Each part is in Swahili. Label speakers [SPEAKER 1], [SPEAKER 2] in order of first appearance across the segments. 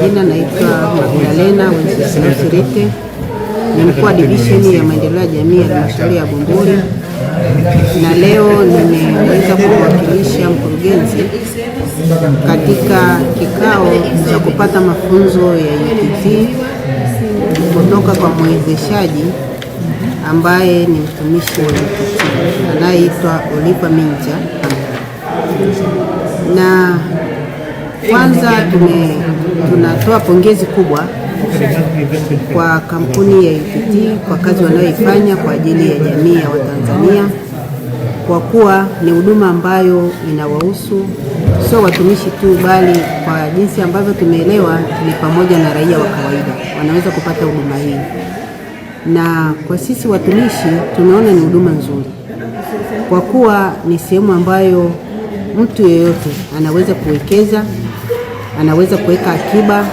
[SPEAKER 1] Majina naitwa Magdalena Wenceslausirite, ni mkuu wa divisheni ya maendeleo ya jamii ya halmashauri ya Bumbuli, na leo nimeweza kuwakilisha mkurugenzi katika kikao cha kupata mafunzo ya UTT kutoka kwa mwezeshaji ambaye ni mtumishi wa UTT anayeitwa olipa Minja na kwanza tume, tunatoa pongezi kubwa kwa kampuni ya UPT kwa kazi wanayoifanya kwa ajili ya jamii ya Watanzania kwa kuwa ni huduma ambayo inawahusu sio watumishi tu, bali kwa jinsi ambavyo tumeelewa ni pamoja na raia wa kawaida wanaweza kupata huduma hii, na kwa sisi watumishi tumeona ni huduma nzuri kwa kuwa ni sehemu ambayo mtu yeyote anaweza kuwekeza anaweza kuweka akiba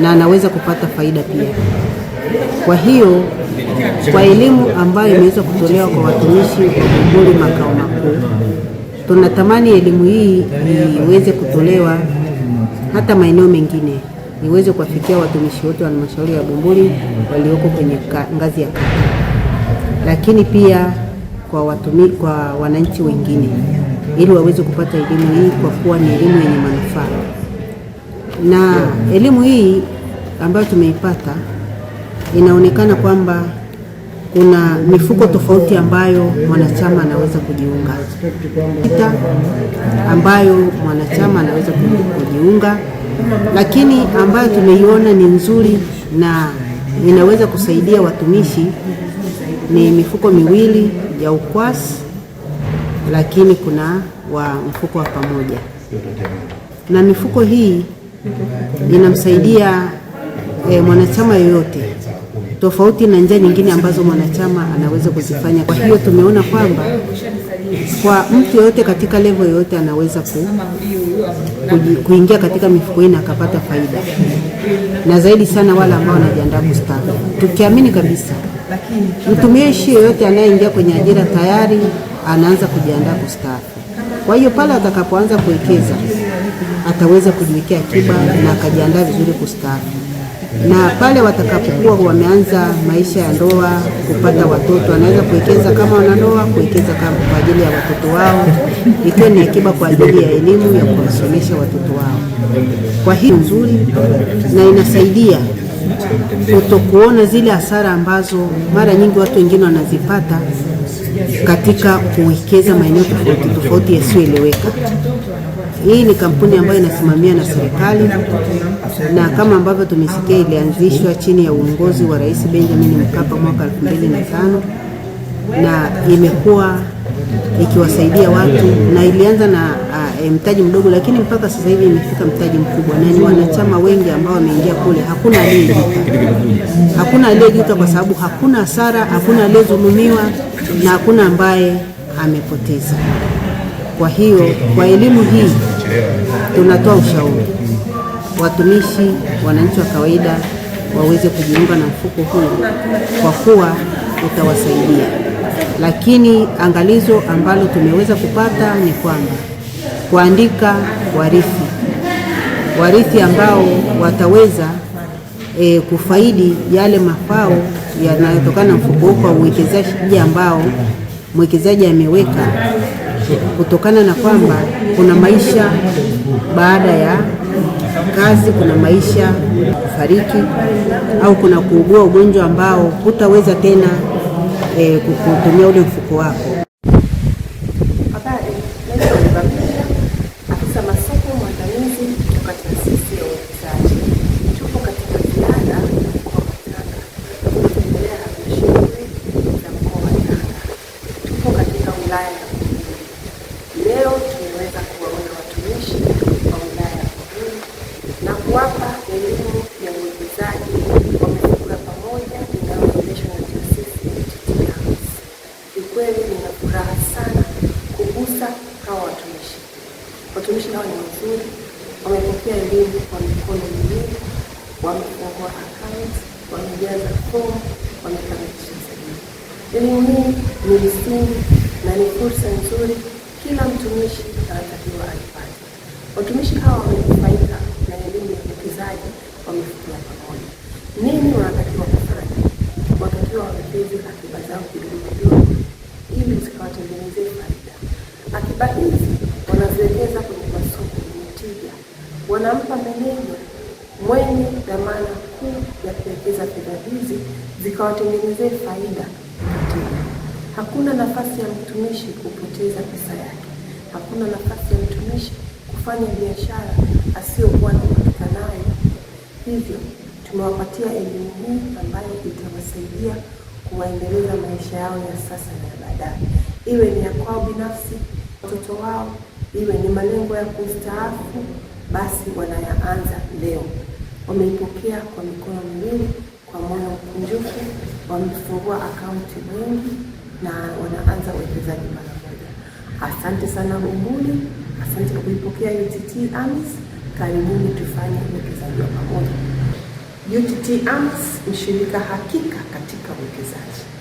[SPEAKER 1] na anaweza kupata faida pia. Kwa hiyo kwa elimu ambayo imeweza kutolewa kwa watumishi wa Bumbuli makao makuu, tunatamani elimu hii iweze kutolewa hata maeneo mengine, iweze kuwafikia watumishi wote wa halmashauri ya Bumbuli walioko kwenye ngazi ya kata, lakini pia kwa watumi, kwa wananchi wengine ili waweze kupata elimu hii kwa kuwa ni elimu yenye manufaa na elimu hii ambayo tumeipata inaonekana kwamba kuna mifuko tofauti ambayo mwanachama anaweza kujiunga ita ambayo mwanachama anaweza kujiunga, lakini ambayo tumeiona ni nzuri na inaweza kusaidia watumishi ni mifuko miwili ya ukwasi, lakini kuna wa mfuko wa pamoja na mifuko hii inamsaidia e, mwanachama yoyote tofauti na njia nyingine ambazo mwanachama anaweza kuzifanya. Kwa hiyo tumeona kwamba kwa mtu yoyote katika level yoyote anaweza ku, ku, kuingia katika mifuko hii na akapata faida, na zaidi sana wale ambao wanajiandaa kustaafu, tukiamini kabisa mtumishi yoyote anayeingia kwenye ajira tayari anaanza kujiandaa kustaafu. Kwa hiyo pale atakapoanza kuwekeza ataweza kujiwekea akiba na akajiandaa vizuri kustaafu, na pale watakapokuwa wameanza maisha ya ndoa, kupata watoto, anaweza kuwekeza kama wanandoa, kuwekeza kama kwa ajili ya watoto wao, ikiwa ni akiba kwa ajili ya elimu ya kuwasomesha watoto wao. Kwa hiyo nzuri na inasaidia kutokuona zile hasara ambazo mara nyingi watu wengine wanazipata katika kuwekeza maeneo tofauti tofauti yasiyoeleweka. Hii ni kampuni ambayo inasimamia na serikali, na kama ambavyo tumesikia, ilianzishwa chini ya uongozi wa Rais Benjamin Mkapa mwaka 2005 na na imekuwa ikiwasaidia watu na ilianza na uh, mtaji mdogo, lakini mpaka sasa hivi imefika mtaji mkubwa na ni wanachama wengi ambao wameingia kule. Hakuna aliyejuta, hakuna aliyejuta kwa sababu hakuna hasara, hakuna aliyezulumiwa na hakuna ambaye amepoteza. Kwa hiyo kwa elimu hii tunatoa ushauri watumishi, wananchi wa kawaida waweze kujiunga na mfuko huu kwa kuwa utawasaidia. Lakini angalizo ambalo tumeweza kupata ni kwamba kuandika warithi, warithi ambao wataweza e, kufaidi yale mafao yanayotokana na mfuko huu kwa uwekezaji ambao mwekezaji ameweka kutokana na kwamba kuna maisha baada ya kazi, kuna maisha kufariki au kuna kuugua ugonjwa ambao hutaweza tena e, eh, kutumia ule mfuko wako.
[SPEAKER 2] leo tumeweza kuwaona watumishi wa wilaya ya Buhuli na kuwapa elimu ya uwekezaji wa mifugo ya pamoja inayoendeshwa na taasisi ya Ni nina furaha sana kugusa hawa watumishi. Watumishi hawa ni wazuri, wamepokea elimu kwa mikono miwili, wamefungua akaunti, wamejaza fomu, wamekamilisha sajili. Elimu hii ni msingi na ni fursa nzuri kila mtumishi anatakiwa alifanye. Watumishi hawa wamenufaika na elimu ya uwekezaji, wamefikia pamoja. Nini wanatakiwa kufanya? Watakiwa wawekeze akiba zao kidogo kidogo, ili zikawatengenezee faida. Akiba hizi wanaziwekeza kwenye masoko yenye tija, wanampa meneja mwenye dhamana kuu ya kuwekeza fedha hizi zikawatengenezee faida. Hakuna nafasi ya mtumishi kupoteza pesa yake. Hakuna nafasi ya mtumishi kufanya biashara asiyokuwa na uhakika nayo. Hivyo tumewapatia elimu hii ambayo itawasaidia kuwaendeleza maisha yao ya sasa na ya baadaye, iwe ni ya kwao binafsi, watoto wao, iwe ni malengo ya kustaafu, basi wanayaanza leo. Wameipokea kwa mikono miwili, kwa moyo mkunjufu, wamefungua akaunti nyingi na wanaanza uwekezaji mara moja. Asante sana Bumbuli, asante kwa kuipokea UTT AMIS. Karibuni tufanye uwekezaji wa pamoja. UTT AMIS mshirika hakika katika uwekezaji.